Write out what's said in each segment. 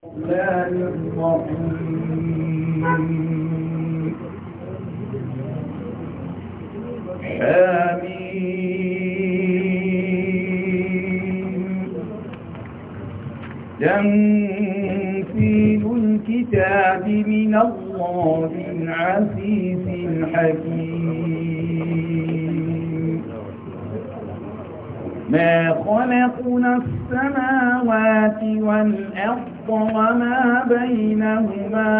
الله الرحيم تنفيذ الكتاب من الله العزيز الحكيم ما خلقنا السماوات والأرض وما بينهما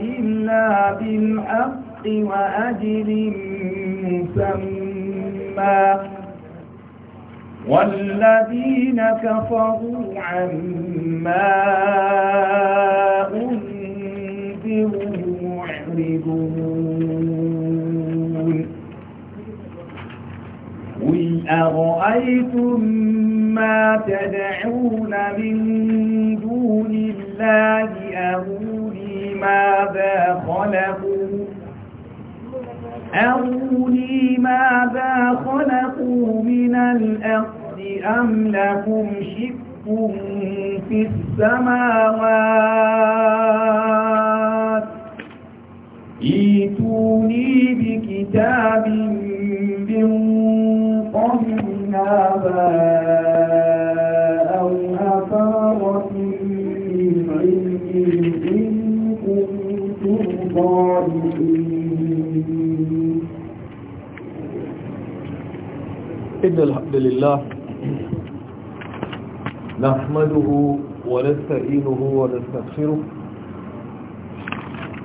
إلا بالحق وأجل مسمى والذين كفروا عما أنذروا معرضون أرأيتم ما تدعون من دون الله أروني ماذا خلقوا أروني ماذا خلقوا من الأرض أم لكم شك في السماوات ايتوني بكتاب من قبل هذا أو أثارة من علم إن كنتم ظالمين إن الحمد لله نحمده ونستعينه ونستغفره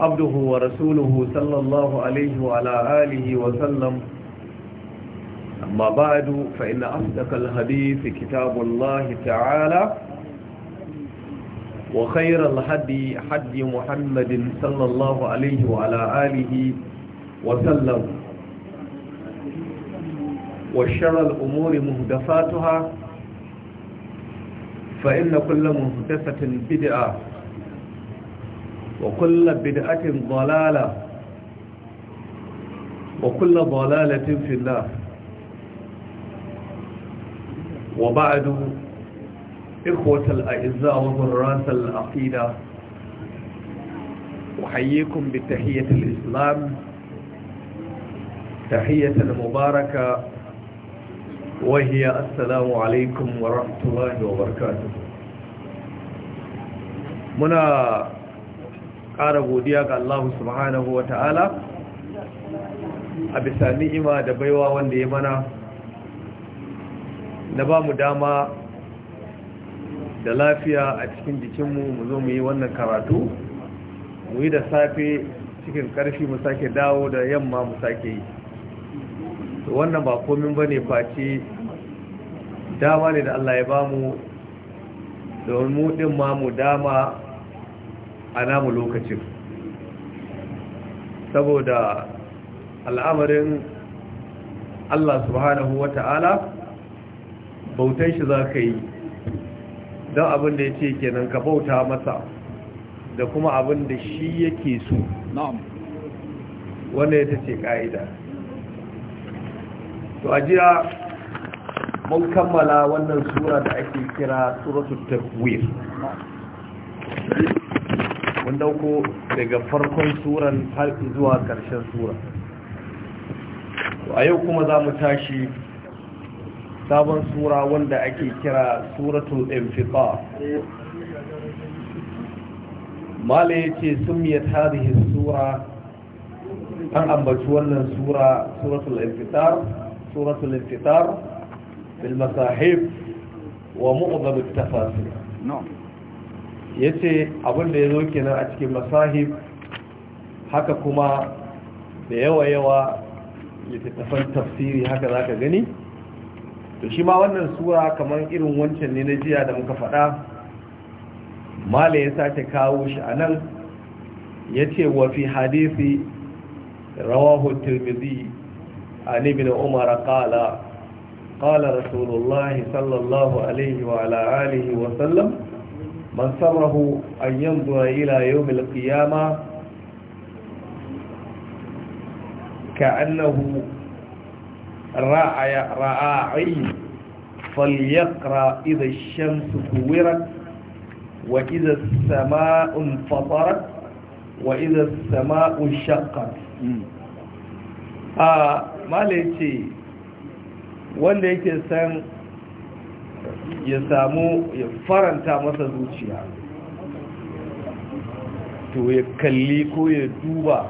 عبده ورسوله صلى الله عليه وعلى آله وسلم أما بعد فإن أصدق الحديث كتاب الله تعالى وخير الهدي حدي محمد صلى الله عليه وعلى آله وسلم وشر الأمور مهدفاتها فإن كل مهدفة بدعة وكل بدعة ضلالة وكل ضلالة في الله وبعد إخوة الأعزاء وغراس العقيدة أحييكم بتحية الإسلام تحية مباركة وهي السلام عليكم ورحمة الله وبركاته منا ƙara godiya ga Allah subhanahu wa ta'ala a bisa ni'ima da baiwa wanda ya mana na ba mu dama da lafiya a cikin jikinmu mu zo mu yi wannan karatu mu yi da safe cikin ƙarfi mu sake dawo da yamma mu sake yi wannan ba komin ba ne face dama ne da Allah ya ba mu domin mu ɗin ma mu dama a namu lokacin saboda al'amarin Allah subhanahu wa ta'ala bautan shi za ka yi don abin da ya ce kenan ka bauta masa da kuma abin da shi yake so wanda ya ta ce ƙa'ida to jiya mun kammala wannan sura da ake kira suratul tafwir mun dauko daga farkon suran har zuwa karshen sura a yau kuma za mu tashi sabon sura wanda ake kira suratul infiqa mala yace sumiyat hadhihi sura an ambaci wannan sura suratul infitar suratul infitar bil masahib wa mu'dhab at tafasil ya ce da ya zo kenan a cikin masahib haka kuma da yawa-yawa littattafan tafsiri haka za ka gani to shi ma wannan sura kamar irin wancan ne na jiya da muka faɗa mala ya sake kawo shi a nan ya ce wa hadisi rawahu tirmidhi an ibn umar qala qala rasulullahi sallallahu alaihi wa ala alihi wa من سره أن ينظر إلى يوم القيامة كأنه راعي رعاعي فليقرأ إذا الشمس كورت وإذا السماء انفطرت وإذا السماء انشقت آه ما ليتي wanda yake san ya samu ya faranta masa zuciya to ya kalli ko ya duba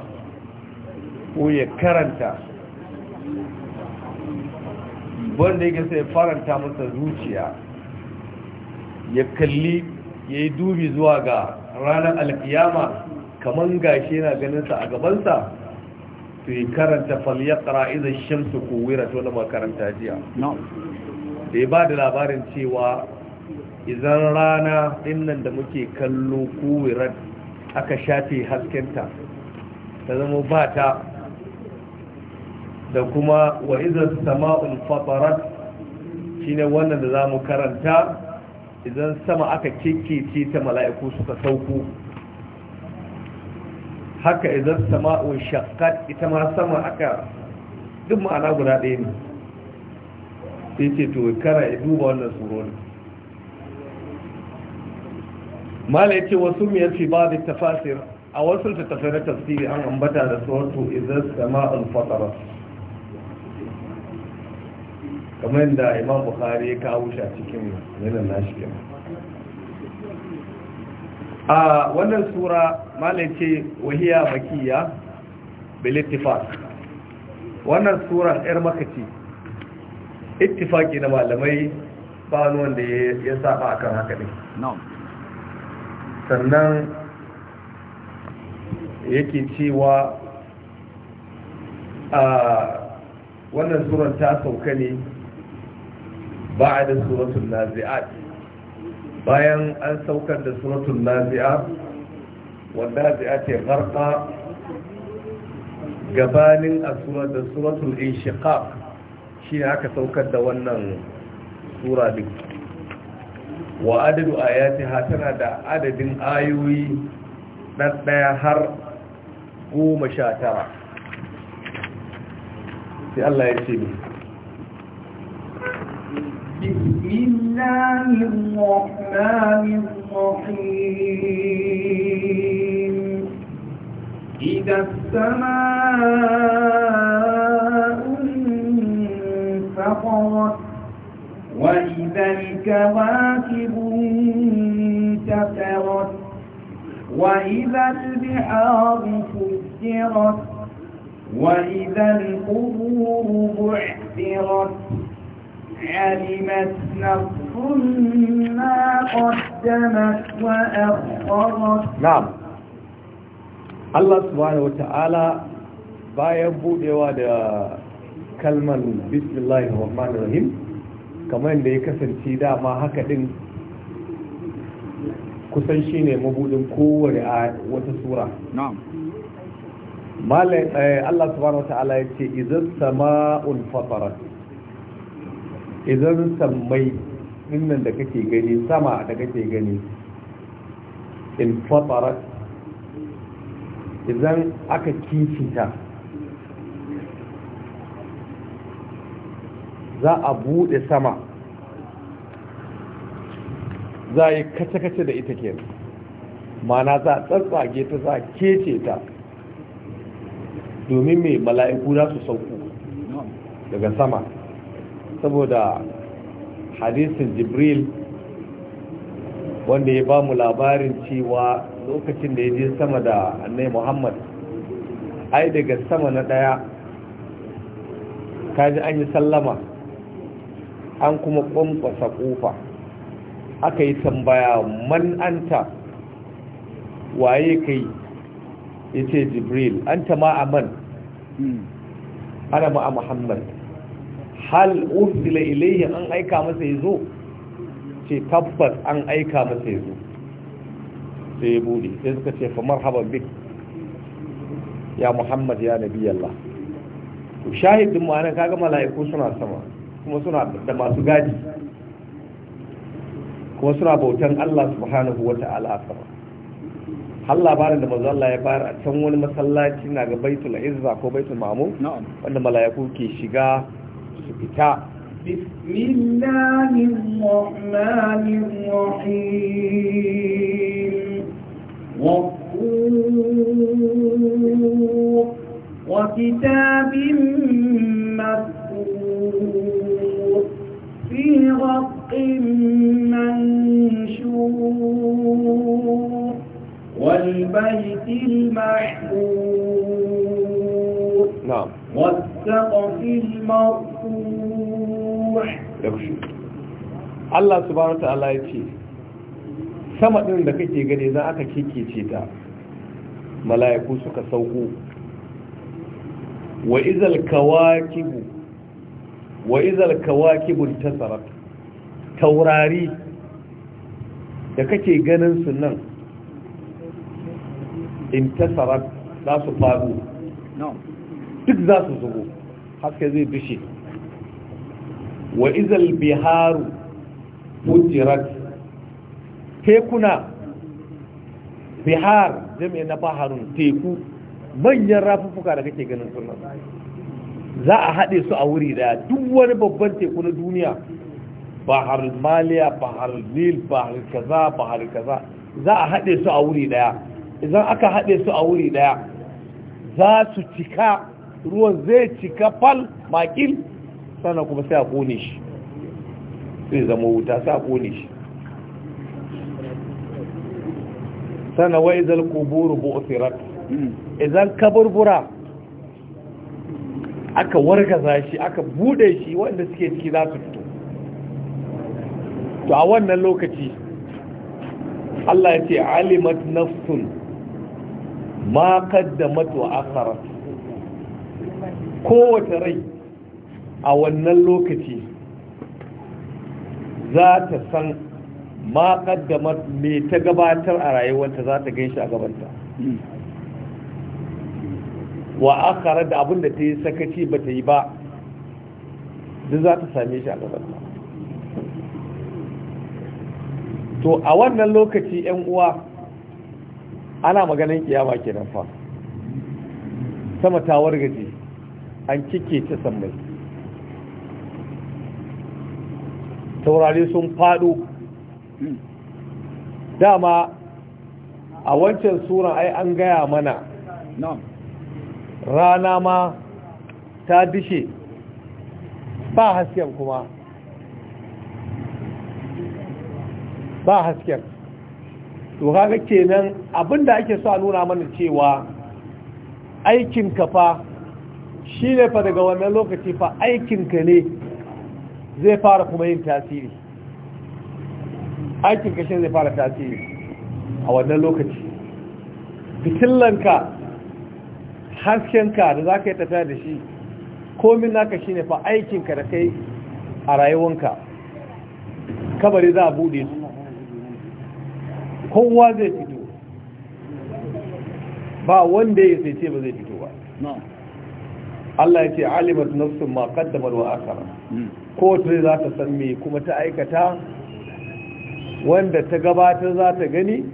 ko ya karanta wanda yake sai faranta masa zuciya ya kalli ya yi dubi zuwa ga ranar alkiyama kamar gashi yana ganinsa a gabansa to yi karanta falyakara izin shamsu kowira to na makaranta jiya da ba da labarin cewa izan rana dinnan da muke kallo kuwirar aka shafe haskenta ta zama ba ta da kuma wa izan sama'un shi ne wannan da za mu karanta idan sama aka kekece ta mala'iku suka sauko haka idan sama'un shakkat ita ma sama aka duk ma'ana guda ɗaya ne sai ce to kara ya duba wannan surori mala ya ce wasu miyar fi ba da tafasir a wasu littattafai na tafsiri an ambata da suratu idan sama al-fatara kamar yadda imam bukhari ya kawo shi a cikin yanar nashi kenan a wannan sura malai ce wahiya makiya bilittifak wannan suran yar makaci ittifaki na malamai ba wani wanda ya saba akan haka ne sannan yake cewa a wannan tsoron ta sauka ne ba a da tsoron nazi'at bayan an saukar da suratun nazi'at wanda zai ya garka gabanin a da suratun inshiqaq shi ne aka saukar da wannan sura duk wa adadu ayati ha tana da adadin ayoyi ɗaya har goma sha tara sai Allah ya ce ne إذا السماء انفطرت وإذا الكواكب انتفرت وإذا البحار فجرت وإذا القبور بعثرت علمت نفس ما قدمت وأخرت نعم الله سبحانه وتعالى ta'ala bayan budewa kalmar bismillahir rahmanir rahim kamar da ya kasance dama haka din kusan shi ne mabudin kowane a wata sura eh, Allah subhanahu wata'ala ya ce idan sama'un fatarat idan sammai dinnan da kake gani sama da kake gani in fatarat idan aka kifita za a bude sama za a yi kace-kace da ita kenan mana za a tsatsage ta za a kece ta domin mai mala'iku za su sauku daga sama saboda hadisin jibril wanda ya ba mu labarin cewa lokacin da ya je sama da annai muhammad ai daga sama na daya kaji an yi sallama an kuma kwankwasa kofa aka yi tambaya man anta waye kai ya ce jibril anta ma a hmm. ana ma'a muhammad hal urzila ilayhi an aika masa ya zo ce tabbas an aika masa ya zo sai ya bude sai suka ce fa marhaban bik ya muhammad ya nabi Allah shahidin mu kaga mala'iku suna sama kuma suna da masu gadi kuma suna bautan Allah subhanahu wa ta'ala sama har labarin da manzo Allah ya bayar a can wani masallaci na ga baitul izza ko baitul mamu, wanda mala'iku ke shiga su fita وكتاب مذكور في رق منشور والبيت نعم والسقف Allah ya ce sama ɗin da kake gani za aka kekece ta mala'iku suka sauko wa izal kawakibu wa izal kawakibun tasarat taurari da kake ganin su nan in tasarat za su faru duk za su zubo haske zai bishe wa izal biharu tekuna bihar jami'in na baharun teku manyan rafuffuka da kake ganin sunan za a haɗe su a wuri daya duk wani babban teku na duniya bahar maliya bahar nil bahar kaza bahar kaza za a haɗe su a wuri daya idan aka haɗe su a wuri daya za su cika ruwan zai cika fal makil sannan kuma sai a kone shi sai zama wuta sai a kone shi sannan wa izal kuburu bu'thirat hmm. idan kaburbura aka wargaza shi aka bude shi wanda suke ciki za su fito to a wannan lokaci Allah ya ce alimat nafsun ma qaddamat wa akharat kowace rai a wannan lokaci za ta san ma qaddamat me ta gabatar a rayuwarta za ta gaishe a gabanta wa akara da abin da ta yi sakaci ba ta yi ba duk za ta same shi a gaban to a wannan lokaci yan uwa ana maganin kiyama kenan fa sama ta wargaje an kike ta sammai taurari sun fado dama a wancan suran ai an gaya mana rana ma ta dishe ba hasken kuma ba hasken to kaga kenan abinda ake so a nuna mana cewa aikin ka fa shine fa daga wannan lokaci fa aikin ka ne zai fara kuma yin tasiri aikin ka shi zai fara tasiri a wannan lokaci fitillanka haskenka da za ka yi tafiya da shi komin naka shi ne fa aikinka da kai a rayuwanka kabari za a buɗe su kowa zai fito ba wanda ya sai ce ba zai fito ba Allah ya ce alimat nafsun ma da wa akara hmm. kowace za ta san me kuma ta aikata wanda ta gabatar za ta gani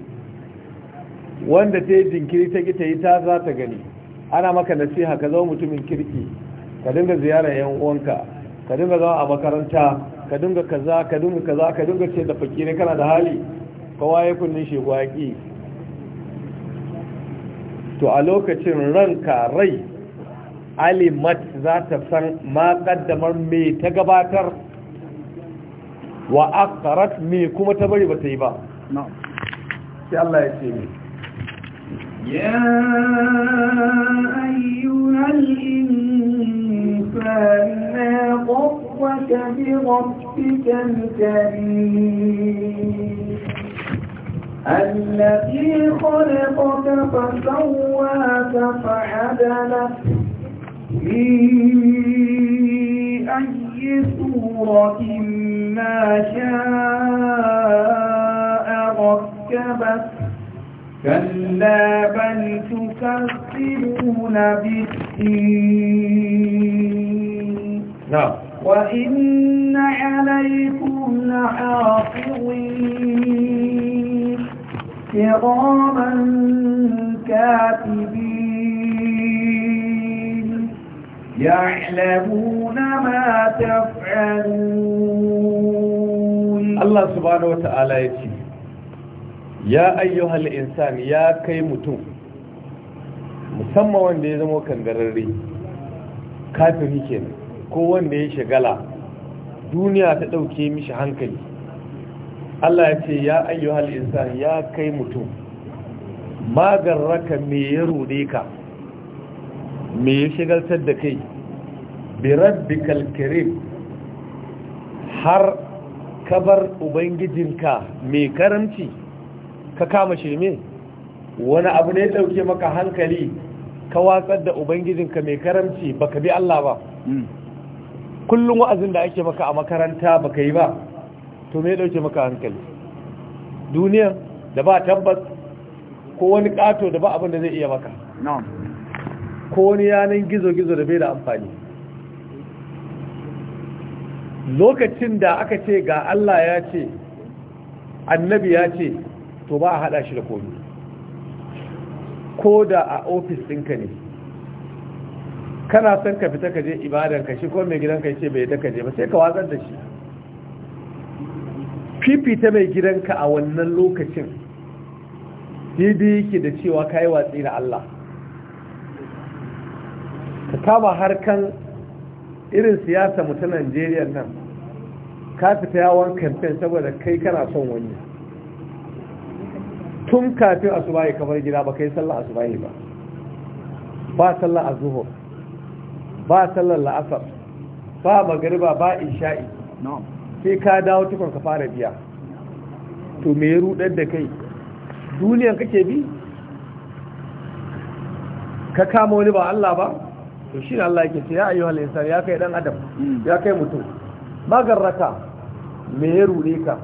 wanda ta yi jinkiri ta gita yi ta za ta gani ana maka nasiha ka zama mutumin kirki ka dinga ziyarar yan uwanka ka dinga zama a makaranta ka dinga kaza ka dinga kaza ka dinga ce da fakire kana da hali kowa ya kunni shi gwaki to a lokacin ranka rai alimat za ta san ma kaddamar me ta gabatar wa aqrat me kuma ta bari ba ta yi ba sai Allah ya ce ni يا أيها الإنسان ما غرك بربك الكريم الذي خلقك فسواك فعدلك في أي صورة ما شاء ركبك كلا بل تكذبون بالدين نعم وإن عليكم لحافظين كراما كاتبين يعلمون ما تفعلون الله سبحانه وتعالى يتي ya ayyuhal insani ya kai mutum musamman wanda ya zama kangararre kafiri kenan ko wanda ya shagala duniya ta ɗauke mishi hankali Allah ya ce ya ayyuhal insani ya kai mutum magarraka me ya rude ka me ya shigaltar da kai bi rabbikal karim har kabar ubangijinka mai karamci ka kama shirme wani abu ne ya dauke maka hankali ka watsar da ubangijinka mai karamci ba ka bi Allah ba hmm. kullum wa'azin da ake maka a makaranta ba ka yi ba to me ya dauke maka hankali Duniyar da ba tabbas ko wani kato da ba abin da zai iya maka ko wani yanin gizo-gizo da bai da amfani lokacin da aka ce ga Allah ya ce annabi ya ce to ba a haɗa shi da komi ko da a ofis ɗinka ne kana son ka fita ka je ibadan shi ko mai gidanka ce bai ta ka je ba sai ka watsar da shi fifita mai gidanka a wannan lokacin didi yake da cewa ka yi watsi da Allah ka kama harkan irin siyasa mu ta Najeriya nan ka fita yawon kamfen saboda kai kana son wani tun kafin asuba ya kamar gida ba kai sallah asuba ba ba sallah azhur ba sallar la'asar ba magariba ba isha'i sai ka dawo tukun ka fara biya to me ya rudar da kai duniyan kake bi ka kama wani ba Allah ba to shi Allah yake ce ya ayu insan ya kai dan adam hmm. ya kai mutum magarrata me ya rude ka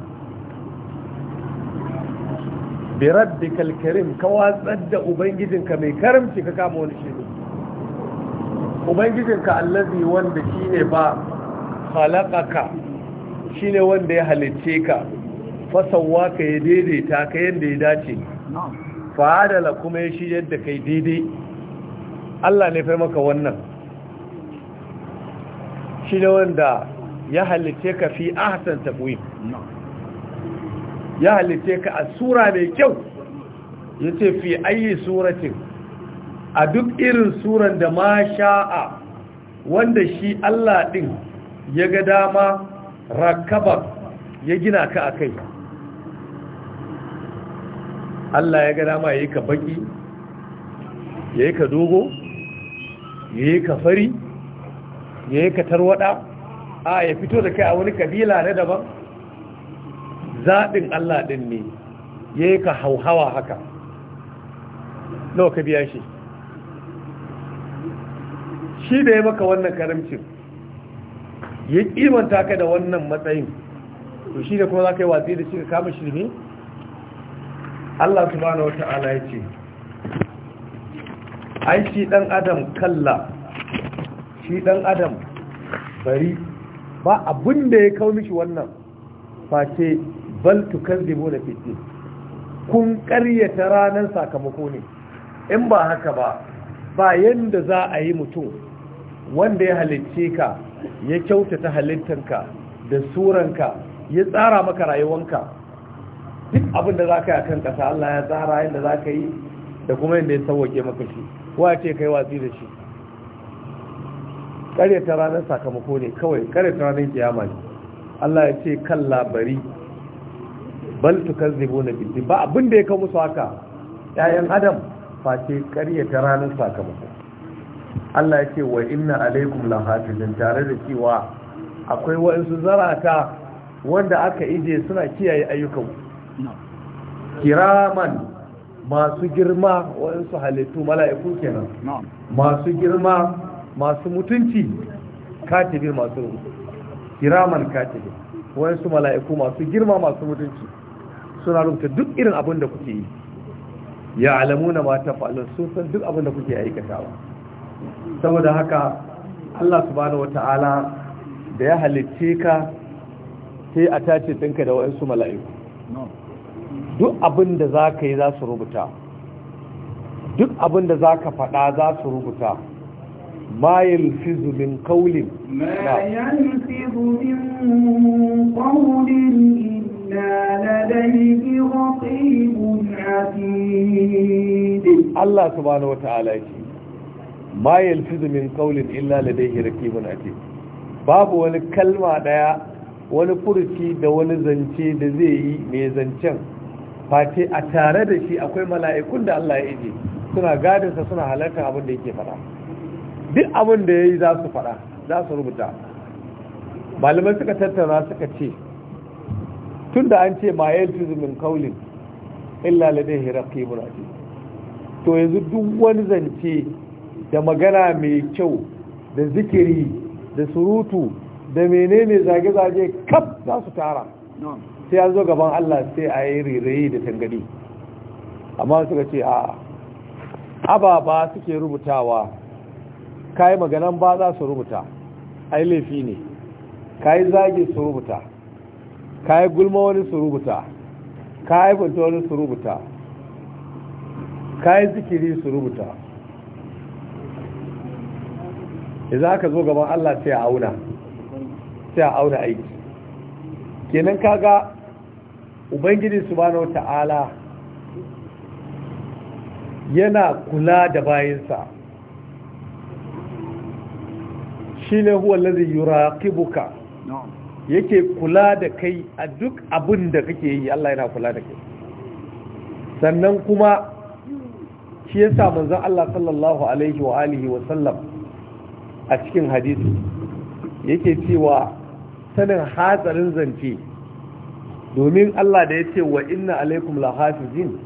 birabbikal karim ka watsar da ubangijinka mai karamci ka kama wani ne ubangijinka allazi wanda shine ba halakaka shine wanda ya halicce ka fasawa ka ya daidaita ka yadda ya dace fa'adala kuma ya shi yadda kai daidai Allah ne fai maka wannan shi ne wanda ya halicce ka fi ahsan tafwim ya halitte ka a sura mai kyau ya ce fi ayi suratin a duk irin suran da ma sha'a wanda shi Allah ɗin ya ga dama rakabar ya gina ka a kai Allah ya ga dama ya yi ka baki ya yi ka dogo ya yi ka fari ya yi ka tarwada a ya fito da kai a wani kabila na daban Zaɗin Allah ɗin ne ya yi ka hauhawa haka nawa ka biya shi shi da ya maka wannan karamcin ya kimanta ka da wannan matsayin to shi da kuma za ka yi watsi da shi ka kama shi ne Allah subhanahu wata'ala ya ce ai shi ɗan adam kalla shi ɗan adam bari ba abinda ya kawo mishi wannan face bal tukazzibu da fitin kun karyata ranar sakamako ne in ba haka ba ba yanda za a yi mutum wanda ya halicce ka ya kyautata halittanka da suranka ya tsara maka rayuwanka duk abin da za ka yi a kan ƙasa Allah ya tsara yadda za ka yi da kuma yadda ya sauwake maka shi wace kai watsi da shi karyata ranar sakamako ne kawai ƙaryata ranar kiyama ne Allah ya ce kan labari bal na bi ba abin da ya kawo musu haka ƴaƴan adam face ta ranar sakamako Allah ya ce wa inna alaikum hafizin tare da cewa akwai wa'insu zarata wanda aka ije suna kiyaye ayyukan kiraman masu girma wa'insu halittu mala'iku kenan masu girma masu mutunci katibi masu kiraman katibi wa'insu mala'iku masu girma masu mutunci suna rubuta duk irin abin da kuke yi ya alamuna ma ta fa'alun sun duk abin da kuke aikatawa saboda haka Allah subhanahu wata'ala da ya halicce ka sai a tace ɗinka da waɗansu mala'iku duk abin da za ka yi za su rubuta duk abin da za ka faɗa za su rubuta ما يلفظ من قول ما يلفظ من قول su لديه wata alaƙi. الله سبحانه وتعالى ما يلفظ illa da إلا لديه mun babu wani kalma daya wani furuci da wani zance da zai yi mai zancen fate a tare da shi akwai mala'ikun da Allah ya ije suna gadinsa suna halarta abin da yake fada duk abin da ya yi za su fada za su rubuta malamai suka tattauna suka ce tun da an ce ma yalfizu min kaulin illa ladaihi raqibun atid to yanzu duk wani zance da magana mai kyau da zikiri da surutu da menene zage-zage kaf za su tara sai ya zo gaban Allah sai a yi rirayi da tangadi amma suka ce a ababa suke rubutawa kayi maganan ba za su rubuta ai laifi ne kayi zage su rubuta ka yi gulma wani su rubuta ka yi funta wani su rubuta ka yi zikiri su rubuta idan aka zo gaban Allah sai a auna sai a auna aiki kenan kaga ubangiji subhanahu wata'ala yana kula da bayansa shine huwa allazi yuraqibuka yake kula da kai a duk abin da kake yi Allah yana kula da kai sannan kuma shi yasa manzon Allah sallallahu alaihi wa alihi wa sallam a cikin hadisi yake cewa sanin hatsarin zance domin Allah da ya ce wa inna alaikum lahafizin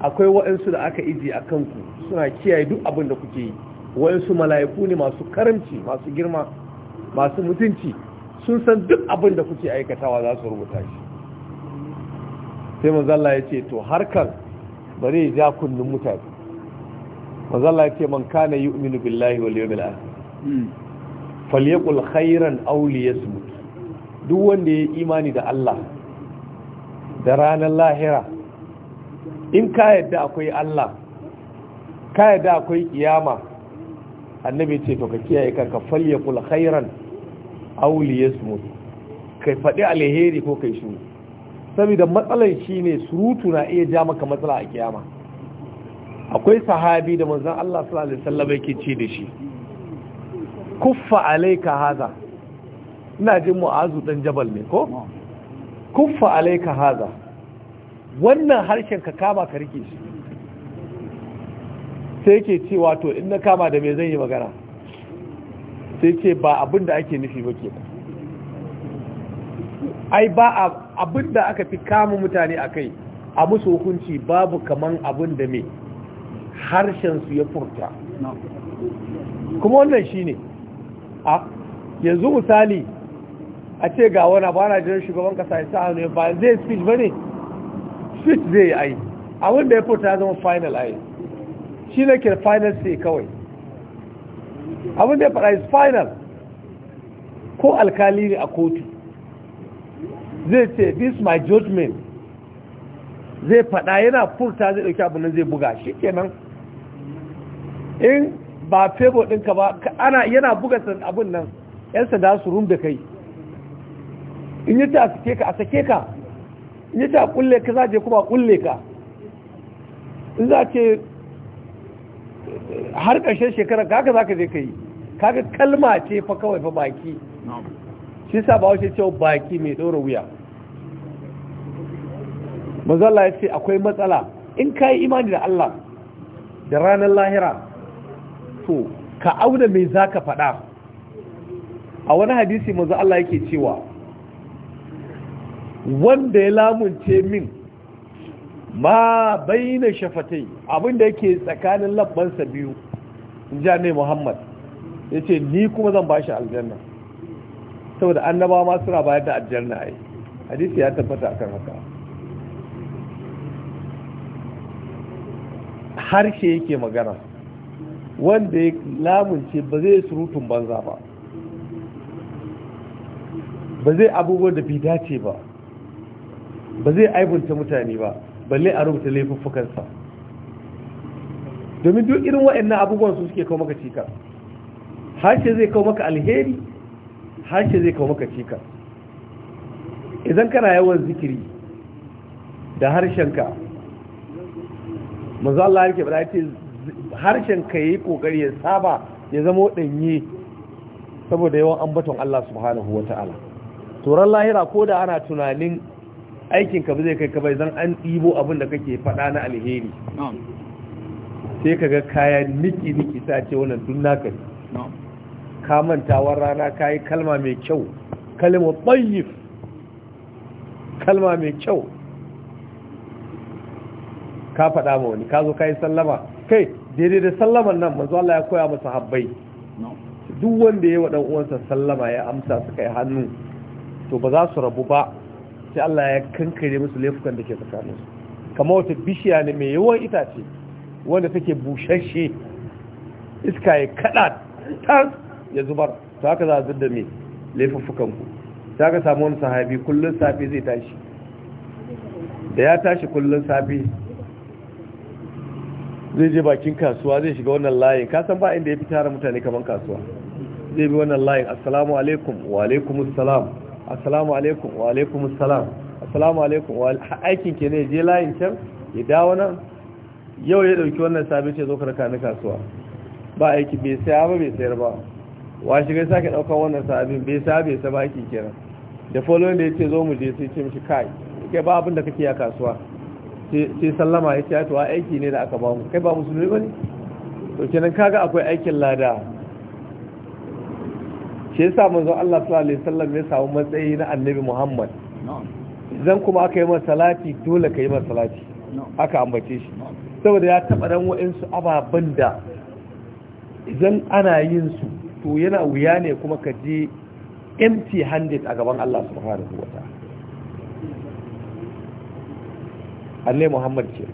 akwai waɗansu da aka iji a kanku suna kiyaye duk abin da kuke yi waɗansu mala'iku ne masu karamci masu girma masu mutunci sun san duk abin da kuke aikatawa za su rubuta shi sai mazalla ya ce to harkar bari ya ja kunnin mutane mazalla ya ce man kana umini billahi wa yawmil akhir hmm. falyaqul khairan su mutu duk wanda ya imani da Allah da ranar lahira in ka yadda akwai Allah ka yadda akwai kiyama annabi ce to ka kiyaye kanka falyaqul khairan auli ya mutu kai faɗi alheri ko kai shi saboda matsalar shi ne surutu na iya ja maka matsala a kiyama akwai sahabi da manzon Allah sallallahu alaihi wasallam yake ce da shi kuffa alayka haza ina jin mu'azu dan jabal ne ko kuffa alayka haza wannan harshen ka kama ka rike shi sai yake cewa to in na kama da me zan yi magana sai ce ba abin da ake nufi ba ke ai ba abin da aka fi kama mutane a kai a musu hukunci babu kaman abin da mai harshensu ya furta kuma wannan shi ne a yanzu misali a ce ga wani ba na jiran shugaban kasa ya sa hannu ya bayan zai speech ba ne speech zai yi abin da ya furta ya zama final ayi shi na ke final sai kawai abin da ya faɗa is final ko alkali ne a kotu zai ce this my judgment zai faɗa yana furta zai ɗauki abin nan zai buga shi kenan in ba febo ɗinka ba ana yana buga abin nan 'yan sanda su rum da kai in yi ta a sake ka a sake ka in yi ta a kulle ka za je kuma kulle ka in za ce har ƙarshen shekarar kaka za ka je ka yi kaga kalma ce fa kawai fa baki shi sa ba wace cewa baki mai ɗora wuya mazalla ya ce akwai matsala in ka yi imani da Allah da ranar lahira to ka auna mai za ka faɗa a wani hadisi mazu Allah yake cewa wanda ya lamunce min ma bai shafatai abin da yake tsakanin labbansa biyu ja muhammad ya ce ni kuma zan ba shi aljanna saboda annaba ma suna bayar da aljanna ai hadisi ya tabbata akan haka harshe yake magana wanda ya lamunce ba zai surutun banza ba ba zai abubuwan da bai dace ba ba zai aibunta mutane ba balle a rubuta laifuffukansa domin duk irin waɗannan abubuwan su suke kawo maka cika harshe zai kawo maka alheri harshe zai kawo maka cika idan kana yawan zikiri da harshenka manzo Allah yake bada ce harshenka yi kokari ya saba ya zama waɗanyi saboda yawan ambaton Allah subhanahu wa ta'ala. turan lahira ko da ana tunanin aikinka ba zai kai ka bai zan an ɗibo abin da kake faɗa na alheri sai ka ga kaya niki-niki sa ce wannan tun naka ne ka rana ka yi kalma mai kyau kalma ɓayyif kalma mai kyau ka faɗa ma wani ka zo ka yi sallama kai daidai da sallaman nan manzo Allah ya koya masa habbai duk wanda ya waɗan uwansa sallama ya amsa suka yi hannu to ba za su rabu ba sai Allah ya kankare musu laifukan da ke tsakaninsu kamar wata bishiya ne mai yawan itace wanda take bushashe iska ya kada tas ya zubar to haka za a zudda mai laifuffukan ku ta ka samu wani sahabi kullum safi zai tashi da ya tashi kullum safi zai je bakin kasuwa zai shiga wannan layin kasan ba inda ya fi tara mutane kamar kasuwa zai bi wannan layin assalamu alaikum wa alaikum assalam assalamu alaikum wa alaikum assalam assalamu alaikum wa aikin ke ne je layin can ya dawo nan yau ya dauki wannan sabi ce zo karka ni kasuwa ba aiki bai sai ba bai sayar ba wa shiga sake daukar wannan sabin bai saya bai sa ba aiki kira da following da ce zo mu je sai ce mishi kai kai ba abin da kake a kasuwa sai sallama ya ce to aiki ne da aka ba mu kai ba musulmi bane to kenan kaga akwai aikin lada shi yasa manzo Allah sallallahu alaihi wasallam ya samu matsayi na annabi Muhammad zan kuma aka yi masa salati dole ka yi masa salati aka ambace shi saboda ya taɓa ɗan wa'insu ababen da idan ana yin su to yana wuya ne kuma ka je empty handed a gaban Allah subhanahu wa ta'ala Allah Muhammad ce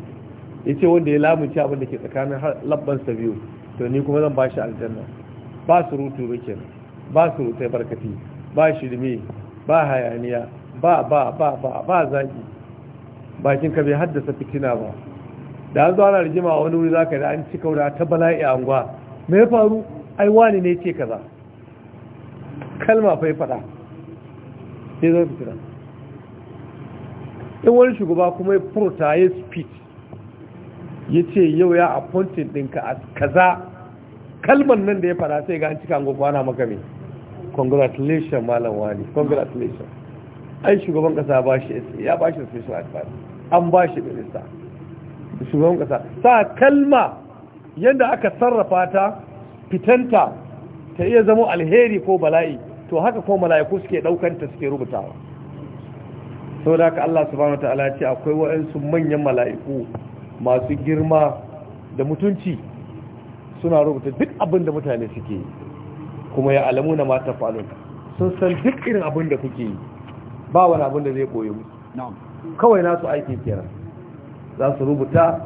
yace wanda ya lamunci abin da ke tsakanin labban sa biyu to ni kuma zan bashi aljanna ba surutu bakin ba surutai barkati ba shirme ba hayaniya ba ba ba ba ba zaki bakin ka bai haddasa fitina ba da an zo ana rigima a wani wuri za ka da an ci kaura ta bala'i a anguwa me ya faru ai wani ne ce kaza kalma fai fada sai zai fitina in wani shugaba kuma ya furta ya speech ya ce yau ya appointed ɗinka a kaza kalman nan da ya fada sai ga an cika anguwa kwana maka mai Congratulation malam wani Congratulation. ai shugaban kasa ya ba shi special advice an ba shi minista shugaban kasa sa kalma yadda aka sarrafa ta fitanta ta iya zama alheri ko bala'i to haka ko mala'iku suke daukanta suke rubutawa sau da haka Allah subhanahu wa ta'ala ce akwai wa'ansu manyan mala'iku masu girma da mutunci suna rubuta duk abin da mutane suke kuma ya alamu na mata falon sun san duk irin abin da kuke yi ba wani abin da zai koyo kawai nasu aikin kenan za su rubuta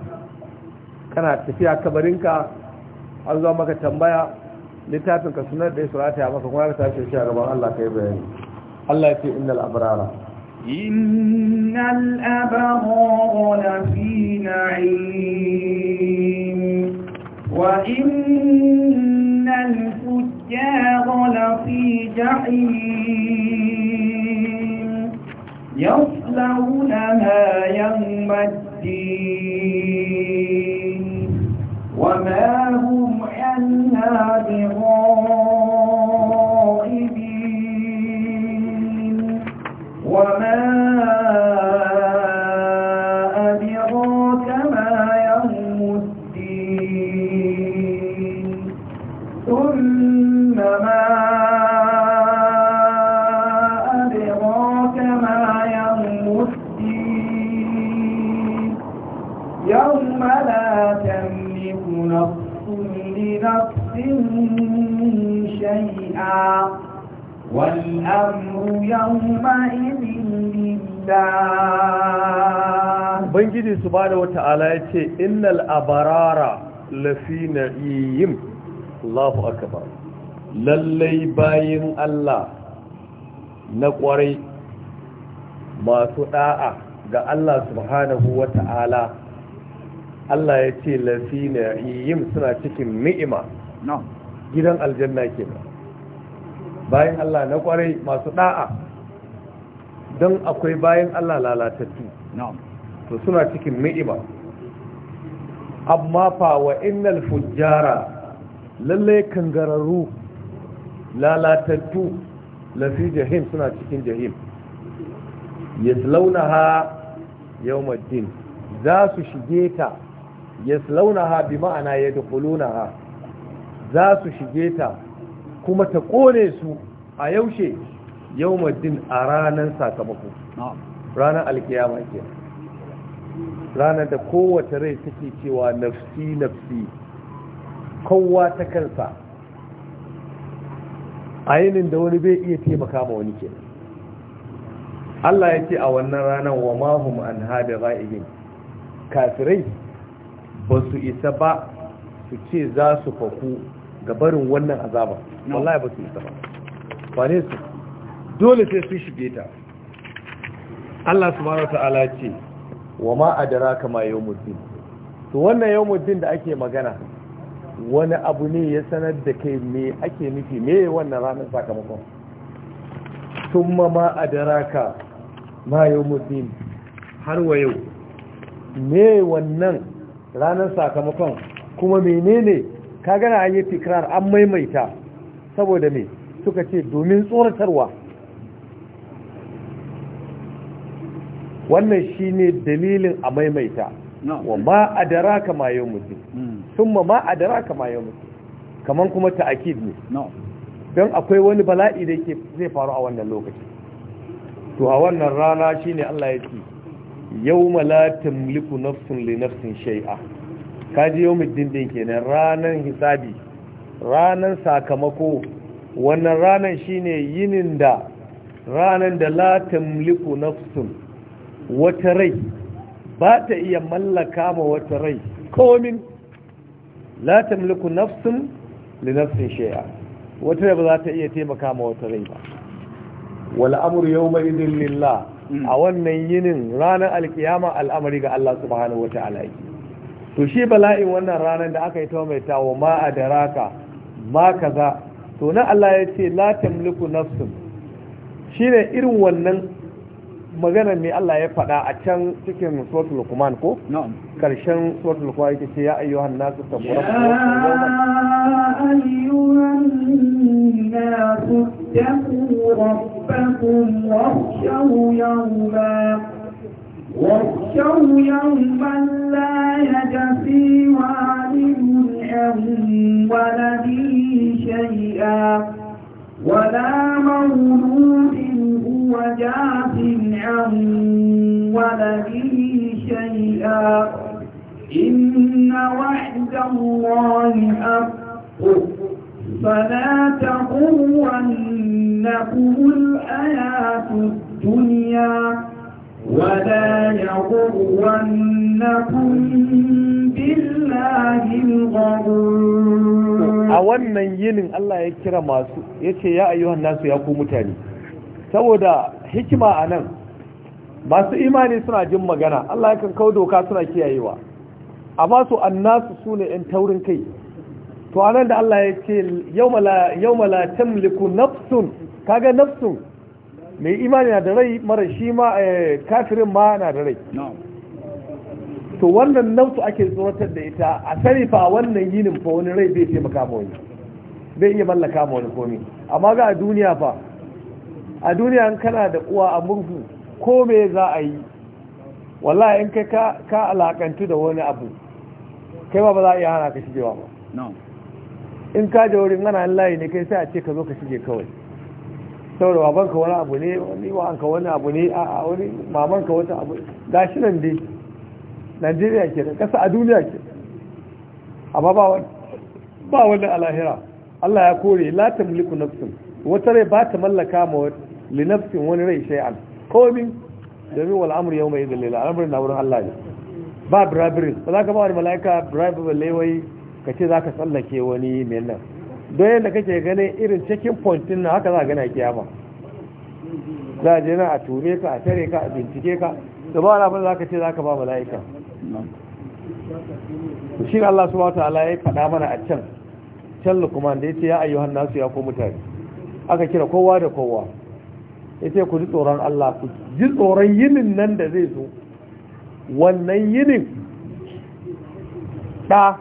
kana tafiya kabarinka an zuwa maka tambaya littafin ka sunar da ya surata ya maka kuma ka tashi shi a gaban Allah kai bayani Allah ya ce innal abrara innal abrara lafi na'im wa innal fujjara lafi jahim yaslawnaha yawmal الدين وما هم عنها بغير ubangiji subhanahu wata'ala ya ce innal abarara lafi na'im Allahu akbar lallai bayin Allah na kwarai masu da'a ga Allah subhanahu wata'ala Allah ya ce lafi na'im suna cikin ni'ima gidan aljanna kenan bayin Allah na kwarai masu da'a don akwai bayan Allah lalatattu to suna cikin ni'ima amma fa wa innal fujjara lalle kangararru lalatattu lafi jahim suna cikin jahim yaslaunaha yawmaddin za su shige ta yaslaunaha bi ma'ana yadkhulunaha za su shige ta kuma ta kone su a yaushe yawmaddin a ranar sakamako ranar alkiyama kenan ranar da kowace rai take cewa nafsi nafsi kowa ta kansa a yinin da wani bai iya taimaka ma wani ke Allah ya ce a wannan ranar wa mahum an haɗe ra'ihin kafirai ba su isa ba su ce za su faku ga barin wannan azaba wallahi ba su isa ba wane su dole sai su shige ta Allah subhanahu wa ta'ala ce wa ma kama ma yawmuddin Su wannan yawmuddin da ake magana wani abu ne ya sanar da kai me ake nufi me wannan ranar sakamakon sun ma ka ma yawmuddin har wa yau me wannan ranar sakamakon kuma menene ka gana an yi fikirar an maimaita saboda me suka ce domin tsoratarwa wannan shi ne dalilin a maimaita wa ma ka ma mutum? Mm. Sun ma ka ma mutum? Kamar kuma ta'akid ne don akwai wani bala'i da ke zai faru a wannan lokaci to a wannan rana shi ne Allah ya ce yau malatin liku nafsun li nafsin shay'a kaji yawmuddin dindin kenan Ranar hisabi ranar sakamako wannan shi ne yinin da ranar da latin liku nafsun wata rai ba ta iya mallaka ma wata rai komin la mulku nafsun li nafsin shay'a wata rai ba za ta iya taimaka ma wata rai ba wal amru yawma idin lillah hmm. a wannan yinin ranar alkiyama al'amari ga Allah subhanahu wata'ala yake to shi bala'in wannan ranar da aka yi ta mai tawo ma a daraka ma kaza to na Allah ya ce la mulku nafsin shine irin wannan maganar mai Allah ya faɗa a can cikin Sotul Kuman ko karshen Sotul Luqman yake ce ya ayyuhan nasu tabbara ya ayyuhan nasu tabbara rabbakum wakhshaw yawma واخشوا يوما لا يجزي والد عن ولده شيئا ولا مولود هو جاف عن ولده شيئا إن وعد الله حق فلا تغرنكم الآيات الدنيا ولا يغرنكم بالله الغرور a wannan yinin Allah ya kira masu yace ya ayyuhan nasu ya ku mutane saboda hikima a nan, masu imani suna jin magana Allah kan kawo doka suna kiyayewa amma su annasu sune yan taurin kai to anan da Allah ya ce yawma la yawma la tamliku nafsun kaga nafsun mai imani na da rai mara shi ma eh, kafirin ma na da rai to wannan nautu ake tsoratar da ita a sani fa wannan yinin fa wani rai bai taimaka ma wani bai iya mallaka ma wani komi amma ga a duniya fa a duniya in kana da uwa a murhu ko me za a yi wallahi in kai ka alakantu da wani abu kai ba ba za a iya hana ka shigewa ba in ka da wurin ana layi ne kai sai a ce ka zo ka shige kawai saboda babanka wani abu ne wani wa'anka wani abu ne a wani mamanka wata abu shi nan dai najeriya ke nan kasa a duniya ke amma ba wani alahira allah ya kore latin tamliku nafsin wata rai ba ta mallaka ma li nafsin wani rai shay'an komin domin wal amru yawma idhil Lila al'amurin na wurin allah ne ba birabirin ba za ka ba wani mala'ika birabirin lewai ka ce za ka tsallake wani mai nan don yadda kake ganin irin cikin pontin na haka za a gana kiyama za a jina a ture ka a tare ka a bincike ka da ba na za ka ce za ka ba mala'ika shi Allah su wata ala ya faɗa mana a can can lukman da ya ce ya hannu su ya ko mutane aka kira kowa da kowa ya ce ku ji tsoron Allah ku ji tsoron yinin nan da zai zo wannan yinin ɗa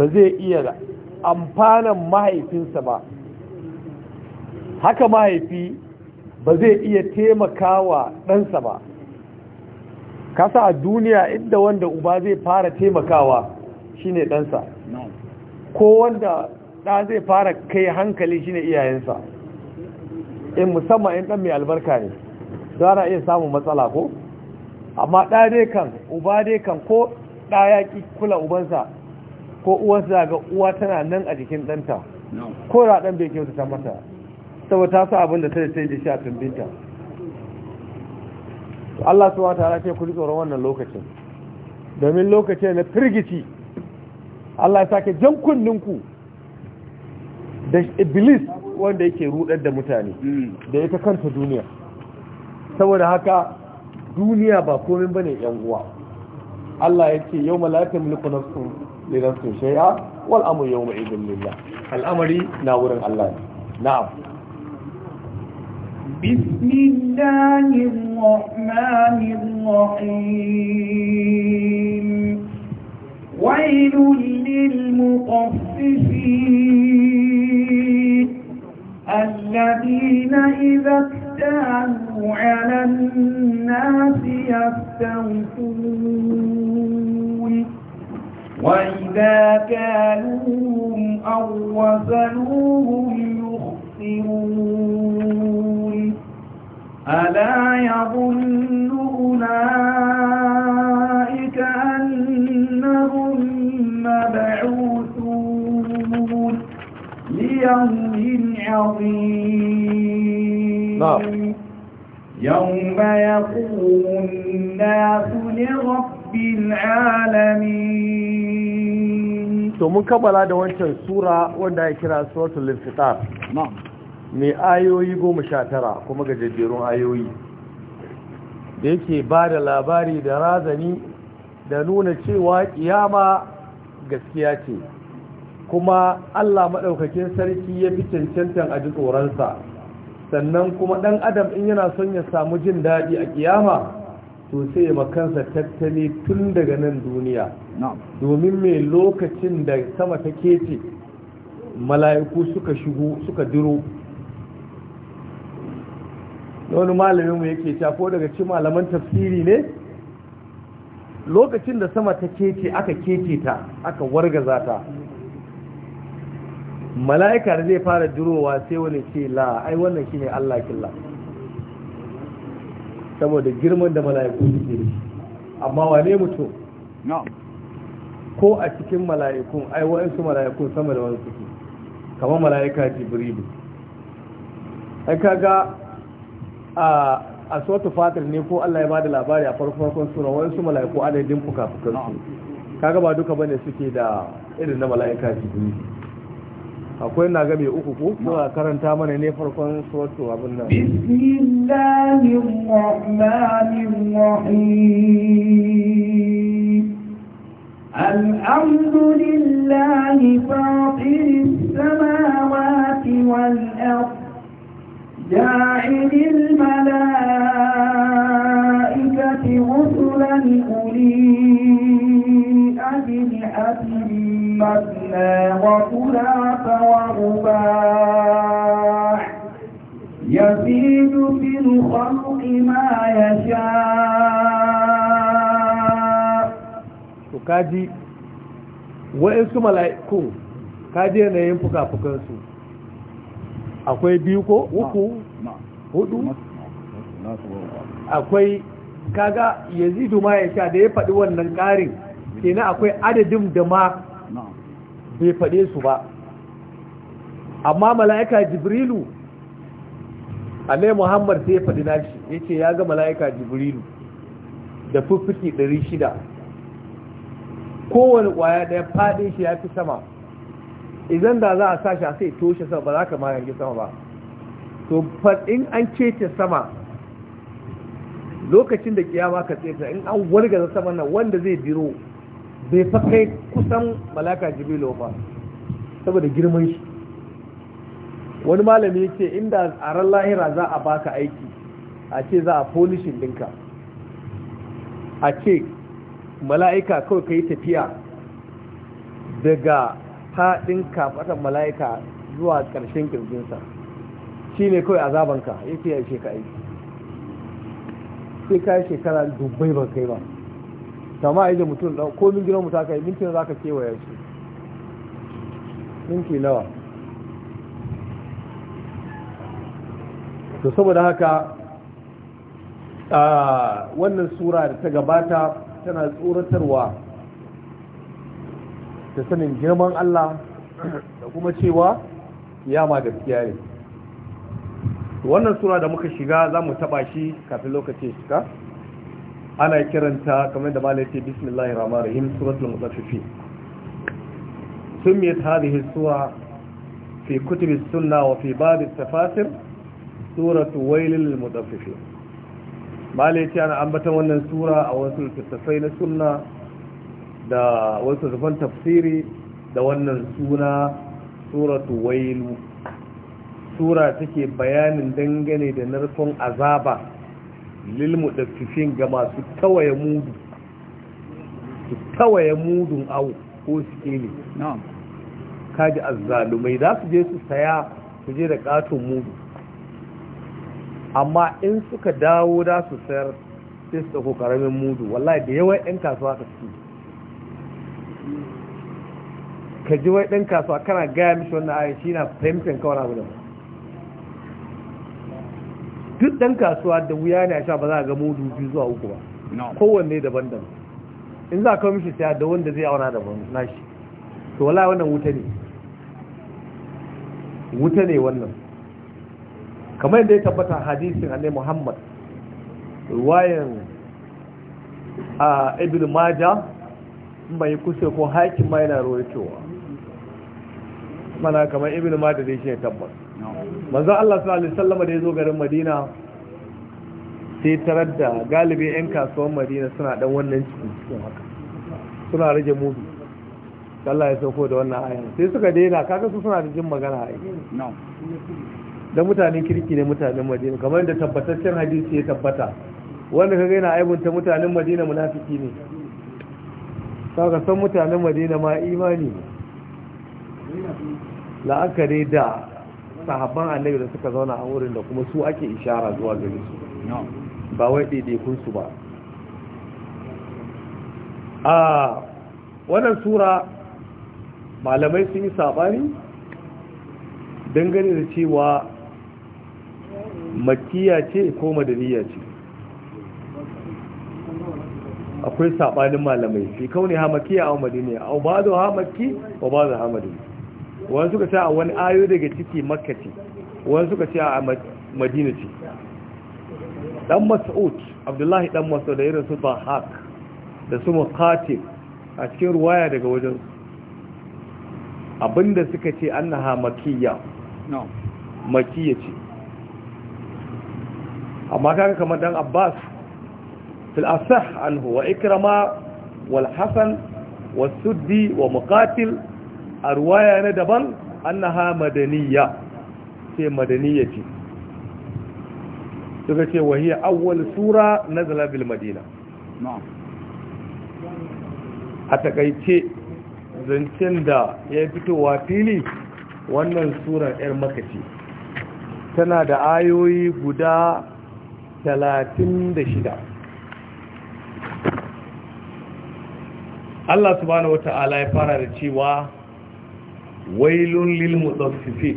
ba zai iya amfanan mahaifinsa ba haka mahaifi ba zai iya taimakawa ɗansa ba kasa a duniya inda wanda uba zai fara taimakawa shine ɗansa ko wanda ɗa zai fara kai hankali shine iyayensa in musamman in ɗan mai albarka ne za na iya samun matsala ko amma ɗa dai kan uba dai kan ko ɗa ya ƙi kula ubansa ko uwarsa za ga uwa tana nan a jikin ɗanta ko da ɗan bai ta mata saboda ta sa abin da ta sai da shi a tumbinta Allah su wata ala ce ku ji tsoron wannan lokacin domin lokacin na firgici Allah ya sake jan kunninku da iblis wanda yake rudar da mutane mm. da ita kanta duniya saboda haka duniya ba komin bane yan uwa Allah ya ce yau malakin mulku nafsun لنفس شيئا والأمر يومئذ لله الأمر ناور الله نعم بسم الله الرحمن الرحيم ويل للمطففين الذين إذا اكتالوا على الناس يستوفون وإذا كالوهم أو وزنوهم يخسرون ألا يظن أولئك أنهم مبعوثون ليوم عظيم نعم. يوم يقوم الناس لرب rabbil alamin to mun kammala da wancan sura wanda ya kira suratul infitar mai ayoyi goma sha tara kuma jajjerun ayoyi da yake ba da labari da razani da nuna cewa kiyama gaskiya ce kuma Allah maɗaukakin sarki ya fi cancantan a ji tsoronsa sannan kuma ɗan adam in yana son ya samu jin daɗi a kiyama to sai makansa tattali tun daga nan duniya domin mai lokacin da sama ta kece mala'iku suka shigo suka diro wani malamin mu yake ko daga ci malaman tafsiri ne lokacin da sama ta kece aka kece ta aka wargaza ta mala'ika da zai fara durowa sai wani ce la ai wannan shine Allah killa saboda girman da mala'iku suke da shi amma wane mutum ko a cikin mala'ikun ai wa'ansu mala'ikun sama da wani suke kamar mala'ika jibrilu ai kaga a a sotu fatir ne ko Allah ya bada labari a farko farkon sura wa'ansu mala'iku adadin fuka-fukan su kaga ba duka bane suke da irin na mala'ika jibrilu akwai na ga uku ko kuma karanta mana ne farkon suratu abin nan bismillahir rahmanir rahim alhamdulillahi fatiris جاعل الملائكة رسلا أولي أجنحة مثنى وثلاث ورباع يزيد في الخلق ما يشاء kaji wa'insu mala'iku kaji yin fuka-fukansu akwai biyu ko uku hudu akwai kaga yanzu duma ya sha da ya faɗi wannan ƙarin kenan akwai adadin da ma bai faɗe su ba amma mala'ika jibrilu annai muhammad sai ya faɗi nashi ya ce ya ga mala'ika jibrilu da fuffuki 600 kowane ƙwaya ɗaya faɗin shi ya fi sama idan da za a sashi a sai toshe sama ba za ka magange sama ba to faɗin an cece sama lokacin da kiyama ka tsefa in an wargaza saman nan wanda zai biro bai fa kusan malaka jibilo ba saboda girman shi wani malami ya ce inda a ran lahira za a baka aiki a ce za a polishin dinka a ce mala'ika kawai ka yi tafiya daga haɗin kafatar mala'ika zuwa ƙarshen ƙirginsa shi ne kawai azabanka ya ce ya sheka sai ka shekara dubbai ba kai ba sama yi mutum ɗan ko min gidan mutaka minti za ka kewaya shi minti nawa to saboda haka wannan sura da ta gabata tana tsoratarwa da sanin girman Allah da kuma cewa yama da ne wannan sura da muka shiga za mu taba shi kafin lokaci shiga ana kiranta kamar da malai ce bismillahir rahmanir rahim suratul mutaffifin sumiyat hadhihi suwa fi kutubi sunna wa fi bab at-tafasir suratu wailil mutaffifin malai ce ana ambaton wannan sura a wasu tafsirai na sunna da wasu zaban tafsiri da wannan suna suratu wailu sura take bayanin dangane da narkon azaba lilmu daffifin ga masu tawaye mudu su tawaye mudun awu ko sikeli kaji azzalumai za su je su saya su je da katon mudu amma in suka dawo da su sayar sai su ɗauko ƙaramin mudu wallahi da yawan 'yan kasuwa ka su ka ji wai ɗan kasuwa kana gaya mishi wannan ayyashi shi na fahimtar kawar abu da ba duk ɗan kasuwa da wuya ne a sha ba za a ga mudu biyu zuwa uku ba kowanne daban-daban in za ka mishi siya da wanda zai auna daban nashi to wala wannan wuta ne wuta ne wannan kamar yadda ya tabbata hadisin annai muhammad ruwayan a ibn maja mai kusa ko haƙin ma yana ruwaitowa mana kamar ibn maja zai shi ne tabbata manzon Allah sallallahu alaihi wasallam da yazo garin Madina sai tarar da galibi 'yan kasuwan Madina suna dan wannan cikin cikin haka suna rage mubi Allah ya sauko da wannan ayan sai suka daina kaga su suna da jin magana ai da mutanen kirki ne mutanen Madina kamar da tabbataccen hadisi ya tabbata wanda kaga yana aibunta mutanen Madina munafiki ne kaga san mutanen Madina ma imani la'akari da sahabban annabi da suka zauna a wurin da kuma su ake ishara zuwa gare su ba wai ɗaiɗaikun su ba a wannan sura malamai sun yi saɓani dangane da cewa makiya ce ko madaniya ce akwai saɓanin malamai fi kaune ha makiya a madaniya A ba da ha maki ba ba da ha madaniya wani suka ce a wani ayo daga ciki makka ce wani suka ce a madina ce dan mas'ud abdullahi dan mas'ud da irin su bahak da su muqatil a cikin ruwaya daga wajen abinda suka ce annaha makiyya no makiyya ce amma kaga kamar dan abbas fil asah anhu wa ikrama wal hasan was suddi wa muqatil a ruwaya na daban annaha madaniya ce madaniya ce suka ce hiya awwal sura na bil madina a takaice zancen da ya fitowa fili wannan surar 'yar makaci tana da ayoyi guda 36 Allah subhanahu wata'ala ya fara da cewa wailun lil mutassifi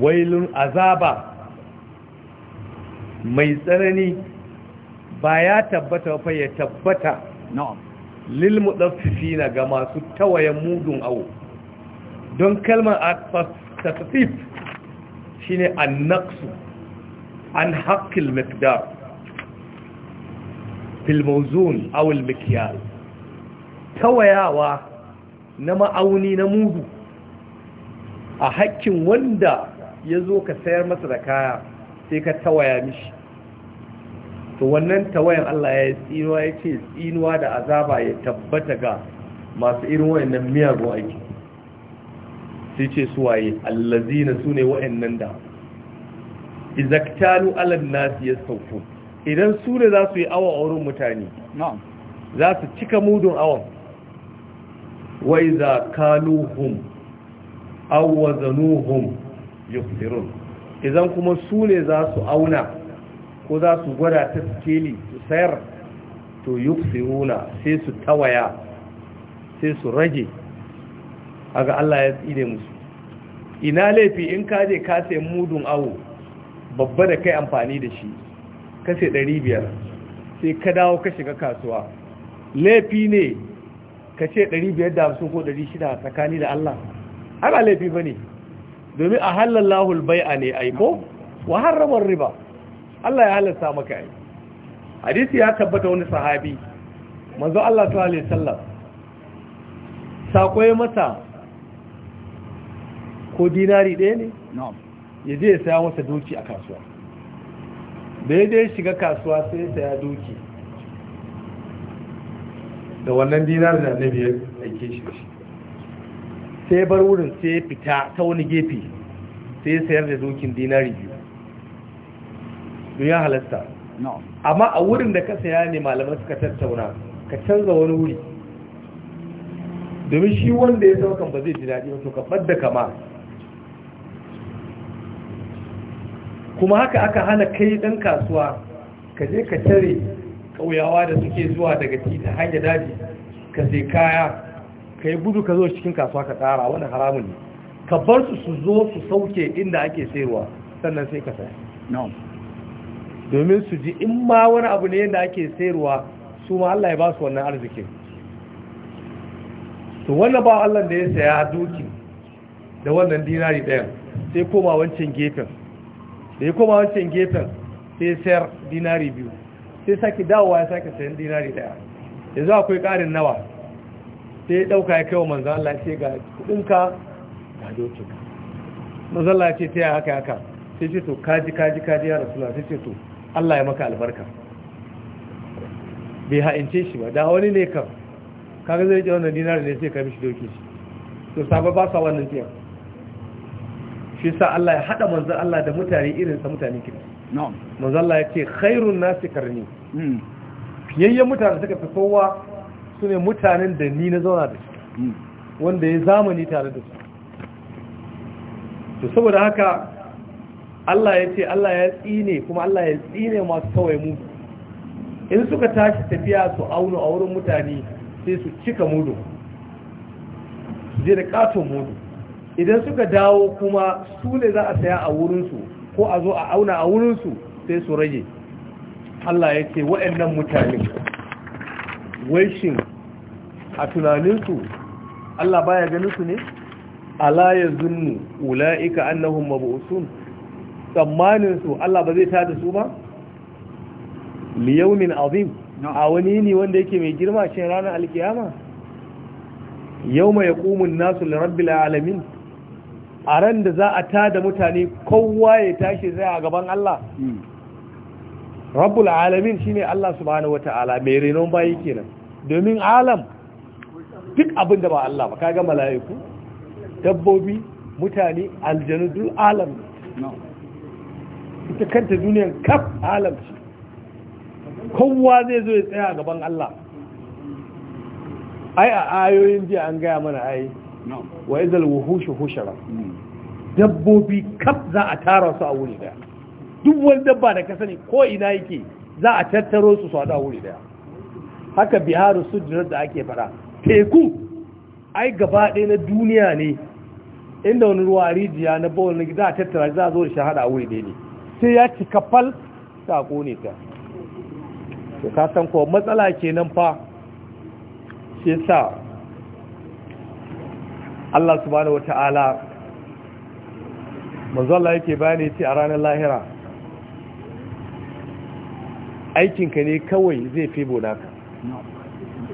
wailun azaba mai tsanani ba ya tabbata fa ya tabbata na'am lil mutaffifina ga masu tawayen mudun awo don kalmar at-tasfif shine an-naqsu an haqqil miqdar fil mawzun aw al-mikyal tawayawa na ma'auni na mudu a hakkin wanda ya zo ka sayar masa da kaya sai ka tawaya mishi to wannan tawayan Allah ya tsinuwa ya ce tsinuwa da azaba ya tabbata ga masu irin wa'annan miyagun aiki sai ce suwaye allazina su ne wa'annan da izaktalu alal nasi ya sauko idan su za su yi awa a wurin mutane za su cika mudun awa. wa idza kaluhum aw wazanuhum idan kuma su ne za su auna ko za su gwada ta skeli su sayar to yufsiruna sai su tawaya sai su rage aga Allah ya tsine musu ina laifi in ka je ka sai mudun awo babba da kai amfani da shi ka ɗari 500 sai ka dawo ka shiga kasuwa laifi ne ka ce 550 ko 600 tsakani da Allah ana laifi ba ne domin a halallahu bai'a ne aiko wa harramar riba Allah ya halasta maka yi hadisi ya tabbata wani sahabi manzo Allah ta halaye sallam sakwai masa ko dinari ɗaya ne ya je ya saya masa doki a kasuwa da ya je shiga kasuwa sai ya saya doki da wannan dinar da annabi ya aike shi shi sai bar wurin sai ya fita ta wani gefe sai ya sayar da dokin dinari biyu don ya halasta amma a wurin da ka saya ne malamai suka tattauna ka canza wani wuri domin shi wanda ya saukan ba zai ji daɗi ba to ka ɓadda kama kuma haka aka hana kai ɗan kasuwa ka je ka tare ƙauyawa da suke zuwa daga titi hanyar daji ka sai kaya ka yi gudu ka zo cikin kasuwa ka tsara wani haramun ne ka bar su su zo su sauke inda ake sayarwa sannan sai ka saya domin su ji in ma wani abu ne yadda ake sayarwa su ma Allah ya ba su wannan arzikin to wannan ba Allah da ya saya doki da wannan dinari ɗaya sai koma wancan gefen sai koma wancan gefen sai sayar dinari biyu sai sake dawowa ya sake sayan dinari daya yanzu akwai karin nawa sai dauka ya kai wa manzo Allah sai ga kudinka ga dokinka manzo Allah ce ta haka haka sai ce to kaji kaji kaji ya rasulullah sai ce to Allah ya maka albarka bai ha'ince shi ba da wani ne kan kaga zai ji wannan dinari ne sai ka mishi doki shi to sabo ba sa wannan tiyan shi sa Allah ya hada manzo Allah da mutane irin sa mutane kirki manzalla ya ce khairun nasi karni hmm. fiyayyen mutane suka fi kowa su ne mutanen da ni na zauna da su hmm. wanda ya zamani tare da su to saboda haka Allah ya ce Allah ya tsine kuma Allah ya tsine masu kawai mu in suka tashi tafiya su auna a wurin mutane sai su cika mudu zai da katon mudu idan suka dawo kuma su ne za a saya a wurinsu ko a zo a auna a wurinsu sai su rage Allah ya ce waɗannan mutane Wai shin a tunaninsu Allah baya ganin su ne ala ya zunnu ula'ika annahum mab'usun tsammanin su Allah ba zai tada su ba li yawmin azim a wani ne wanda yake mai girma cikin ranar alkiyama yawma yaqumun nasu li rabbil alamin a ran da za a tada mutane kowa ya tashi zai a gaban Allah hmm. rabbul alamin shine Allah subhanahu wataala mai renon bayi kenan domin alam duk abin da ba Allah ba kaga mala'iku dabbobi mutane aljanu duk alam ita kanta duniyan kaf alam ce kowa zai zo ya tsaya gaban Allah ai a ayoyin jiya an gaya mana ai wa idal wuhushu hushara dabbobi kaf za a tara su a wuri daya duk wani dabba da ka sani ko ina yake za a tattaro su su a wuri daya haka biharu sujirar da ake fara teku ai gaba ɗaya na duniya ne inda wani ruwa rijiya na bawon na za a tattara za a zo da shahada a wuri ne sai ya cika fal ta kone ta to ka san ko matsala kenan fa shi sa Allah subhanahu wata'ala manzo Allah yake bani ce a ranar lahira aikinka ne kawai zai fi bonaka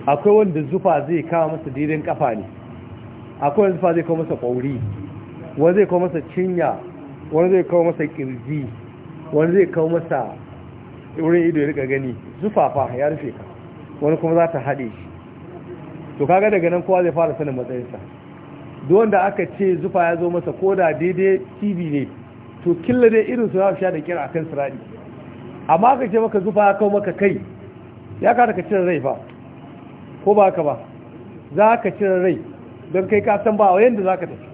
akwai wanda zufa zai kawo masa didin kafa ne akwai wanda zufa zai kawo masa kwauri wani zai kawo masa cinya wani zai kawo masa kirji wani zai kawo masa wurin ido ya rika gani zufafa ya rufe ka wani kuma za ta haɗe shi to kaga daga nan kowa zai fara sanin matsayinsa wanda aka ce zufa ya zo masa ko da daidai tv ne to killa dai irin su sha da kira akan sirari amma aka ce maka zufa ya kawo maka kai ya kada ka cire rai ba ko ba ka ba za ka cire rai don kai ka san ba a yadda za ka tafi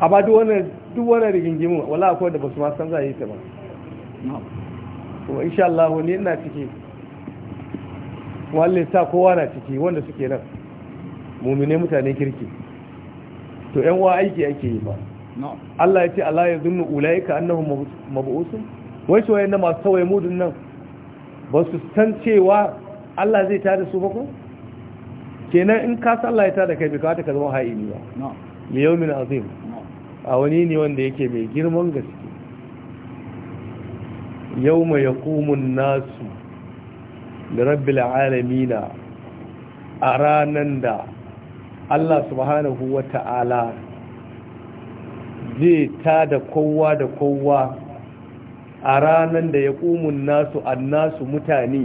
amma duk wani rigingimin wala akwai da ba su masu san za a yi ta ba kuma insha Allah wani ina ciki wallin sa kowa na ciki wanda suke nan mumine mutane kirki to yan wa aiki ake yi ba Allah ya ce Allah ya zunnu ulaika annahum mabu'usun wai so yayin da masu tawaye mudun nan ba su san cewa Allah zai da su ba ko kenan in ka san Allah ya da kai bai kawata ka zama haini ba li yawmin azim a wani ne wanda yake mai girman gaske yawma yaqumun nasu da rabbil la'alamina a ranan da Allah subhanahu wa ta'ala zai ta da kowa da kowa a ranar da ya ƙumun nasu annasu mutane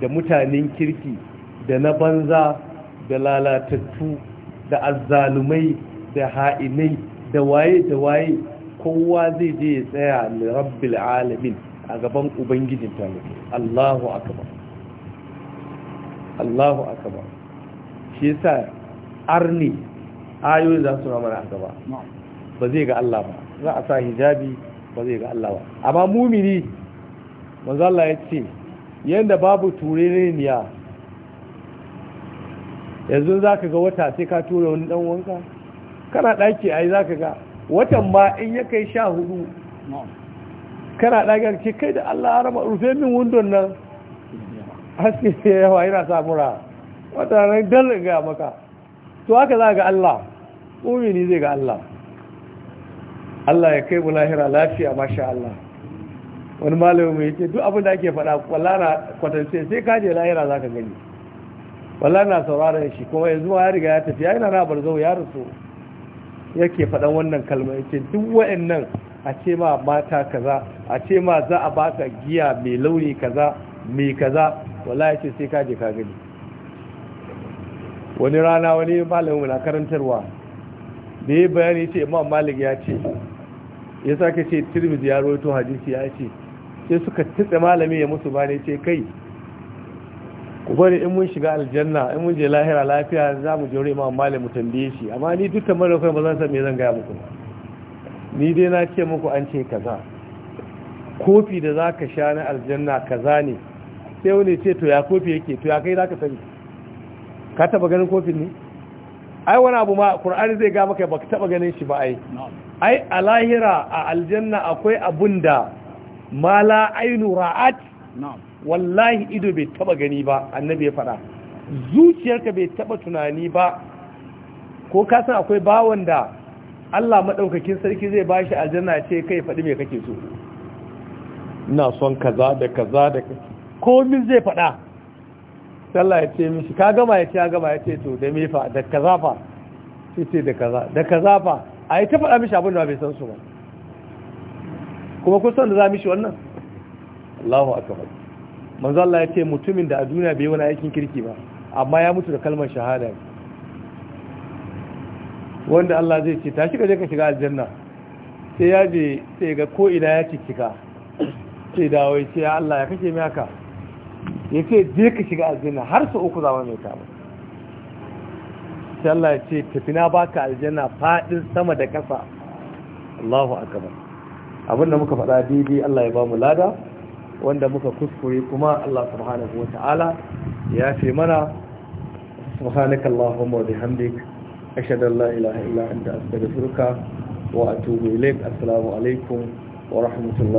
da mutanen kirki da na banza da lalatattu da azzalumai da ha'inai da waye da waye kowa zai je ya tsaya da rabbil alamin a gaban ubangijin talibu Allahu akbar Allahu akbar shi sa. arni ayoyin za su mana a ba zai ga Allah ba za a sa hijabi ba zai ga Allah ba amma mumini manzala ya ce yadda babu niya yanzu za ka ga wata sai ka tura wani dan wanka kana ɗaki a yi za ka ga watan ma in ya kai sha hudu kana a ce kai da Allah rama rufe min wundon nan haske yawa yana samura wata ranar dalin ga maka to haka za ga Allah umini zai ga Allah Allah ya kai mu lahira lafiya masha Allah wani malami mai ce duk abin da ake faɗa wallana kwatance sai ka je lahira za ka gani wallana sauraron shi kuma yanzu ma ya riga ya tafi yana na barzau ya rasu yake faɗan wannan kalma yake duk wa'annan a ce ma mata kaza a ce ma za a baka giya mai launi kaza mai kaza wallahi ce sai ka ka gani wani rana wani malamin na karantarwa da ya bayani ce imam malik ya ce ya sake ce tirmidh ya rawaito hadisi ya ce sai suka tsitsa malami ya musu bane ce kai ku bari in mun shiga aljanna in mun je lahira lafiya za mu jure imam malik mu tambaye shi amma ni dukkan malafai ba zan san me zan gaya muku ni dai na ce muku an ce kaza kofi da zaka sha na aljanna kaza ne sai wani ce to ya kofi yake to ya kai zaka sani ka taba ganin kofin ne ai wani abu ma kur'ani zai ga maka ba ka taba ganin shi ba ai ai a lahira a aljanna akwai abun da ma la ainu ra'at wallahi ido bai taba gani ba annabi ya faɗa zuciyarka bai taba tunani ba ko ka san akwai bawan da Allah madaukakin sarki zai bashi aljanna ce kai faɗi me kake so ina son kaza da kaza da komin zai faɗa sallah ya ce mishi ka gama ya ce ya gama ya ce to da mefa da kaza fa sai ce da kaza da kaza fa a yi ta faɗa mishi abin da bai san su ba kuma kusan da za mishi wannan Allahu akbar manzo Allah ya ce mutumin da a duniya bai wani aikin kirki ba amma ya mutu da kalmar shahada wanda Allah zai ce tashi ka je ka shiga aljanna sai ya je sai ga ko ina ya cikika sai dawo sai Allah ya kashe mai haka ya ce je ka shiga aljanna har su uku zama mai kama shi Allah ya ce tafi na baka aljanna fadin sama da kasa Allahu akbar abinda muka faɗa didi Allah ya ba mu lada wanda muka kuskure kuma Allah subhanahu wata'ala ya ce mana subhanaka Allahumma wa bihamdik ashhadu an la ilaha illa anta astaghfiruka wa atubu ilaik assalamu alaikum wa rahmatullahi